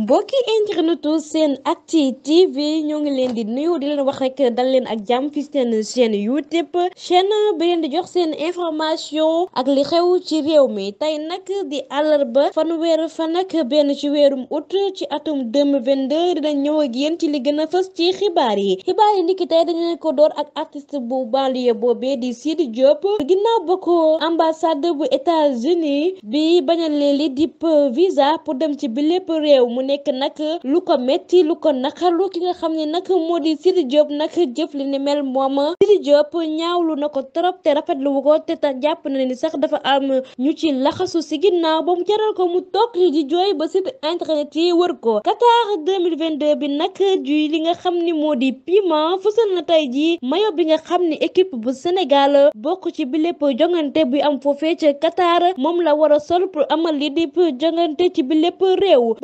mbokki internetu seen acti tv ñoo ngi leen di nuyu di leen wax rekk dal leen ak jàmm fi seen chaîne youtube chaîne bi leen di jox seen information ak li xew ci réew mi tey nag di àllarba fanweer fan ak benn ci weerum août ci atum 2022 dinañ ñëw ak yéen ci li gën a fës ci xibaar yi xibaar yi niki tey dañu ko door ak artiste bu banlieue boobe di Sidi Diop ginnaaw ba ko ambassade bu États-Unis bi bañalee li dip visa pour dem ci bi lépp réew mu nekk nag lu ko métti lu ko naqarlu ki nga xam ni nag moo di Sidy Diop nag jëf li ni mel moom a Sidy ñaaw lu na ko trop te rafet wu ko te tax jàpp na ni sax dafa am ñu ci laxasu si ginnaaw ba mu jaral ko mu toog di jooy ba site internet yi wër ko Qatar 2022 bi nag juy li nga xam ni moo di piment fësal na tey jii mayo bi nga xam ni équipe bu Sénégal bokk ci bi lépp jongante bi am foofee ca Qatar moom la war a sol pour amal li di jongante ci bi lépp réew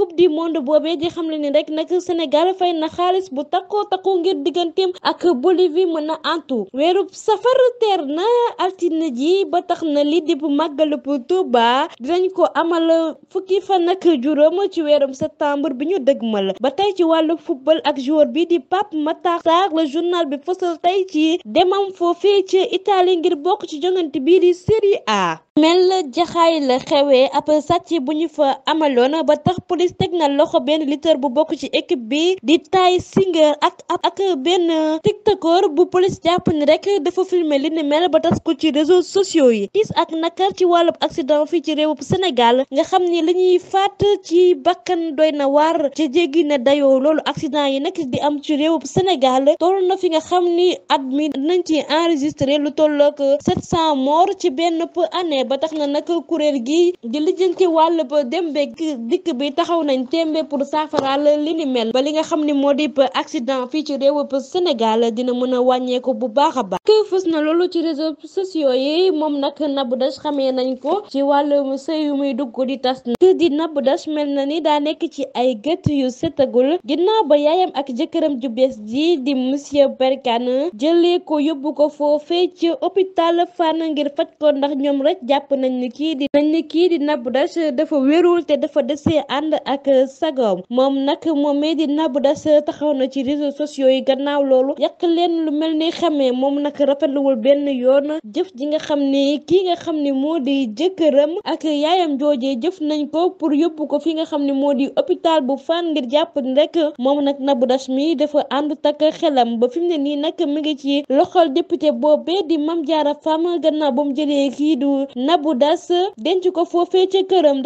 coupe du monde boobee di xam le ni rek nag Sénégal fay na xaalis bu takkoo takku ngir digganteem ak Bolivie mën a antu weerub safara teer na altine ji ba tax na li di bu màggalub Tuuba dinañ ko amal fukki fan ak juróom ci weerum septembre bi ñu dëgmal ba tey ci wàllu football ak joueur bi di Pape Matar Sarr le journal bi fësal tey ci demam foofee ci Italie ngir bokk ci jongante bi di Serie A mel jaxaay la xewee ab sàcc bu fa amaloon ba tax teg na loxo benn lutteur bu bokk ci équipe bi di Tay Singer ak ak benn tiktokeur bu police jàpp ni rek dafa filmer li ne mel ba tas ko ci réseaux sociaux yi tiis ak nakar ci wàllub accident fii ci réewub Sénégal nga xam ni li ñuy faat ci bakkan doy na waar ci jéggi ne dayoo loolu accident yi nag di am ci réewub Sénégal toll na fi nga xam ni at mi nañ ci enregistré lu tollook 700 moor ci benn p année ba tax na nag kuréel gi di ci wàll ba dem beeg dikk bi taxaw taxaw nañ témbe pour saafaraal li ni mel ba li nga xam ni moo di accident fii ci réewub Sénégal dina mën a wàññeeku bu baax a baax kii fës na loolu ci réseaux sociaux yi moom nag Nabou Dash xamee nañ ko ci wàll sëy yu muy dugg di tas na kii di Nabou Dash mel na ni daa nekk ci ay gët yu setagul ginnaaw ba yaayam ak jëkkëram ju bees ji di monsieur Berkane jële ko yóbbu ko foofee ci hôpital Fann ngir faj ko ndax ñoom rek jàpp nañ ni kii di nañ ni kii di Nabou Dash dafa wérul te dafa desee ànd ak sagoom moom nag moomee di Nabou Dash taxaw na ci réseaux sociaux yi gannaaw loolu yàq lenn lu mel ni xamee moom nag rafetluwul benn yoon jëf ji nga xam ni kii nga xam ni moo di jëkkëram ak yaayam joojee jëf nañ ko pour yóbbu ko fi nga xam ni moo di hôpital bu Fann ngir jàpp rek moom nag Nabou das mi dafa ànd takk xelam ba fi mu ne nii nag mi ngi ci loxol député boobee di mam jaara Fam gannaaw ba mu jëlee kii du Nabou das denc ko foofee ca këram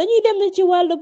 ci wàllu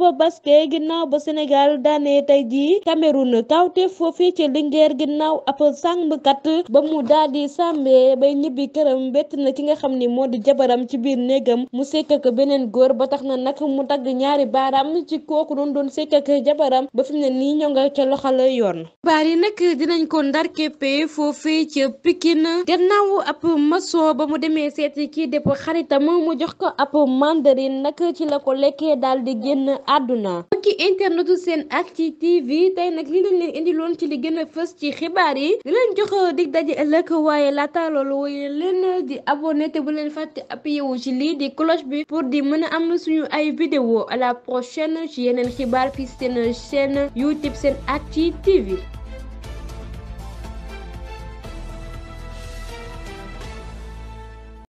ginnaaw ba Sénégal daanee tey jii Cameroun kawte foofee ca Linguère ginnaaw ab sàmmkat ba mu daal di sàmmee bay ñibbi këram bett na ki nga xam ni moo di jabaram ci biir néegam mu sekk ak beneen góor ba tax na nag mu dagg ñaari baaraam ci kooku doon doon sekk ak jabaram ba fi mu ne nii ñoo nga ca loxo la yoon. xibaar yi nag dinañ ko ndar képpee foofee ca Pikine gannaaw ab maçon ba mu demee seeti kii dépp xaritam mu jox ko ab mandarine nag ci la ko lekkee daal di génn àdduna. mbokki internet seen ak acti tv tey nag li leen leen indiloon ci li gën a fës ci xibaar yi di leen jox uh, dig daje ëllëg waaye laata loolu waaye leen uh, di abonné te bu leen fàtte appuyé wu ci lii di cloche bi pour di mën a am suñu ay vidéo à la prochaine ci yeneen xibaar fii seen chaîne youtube seen acti tv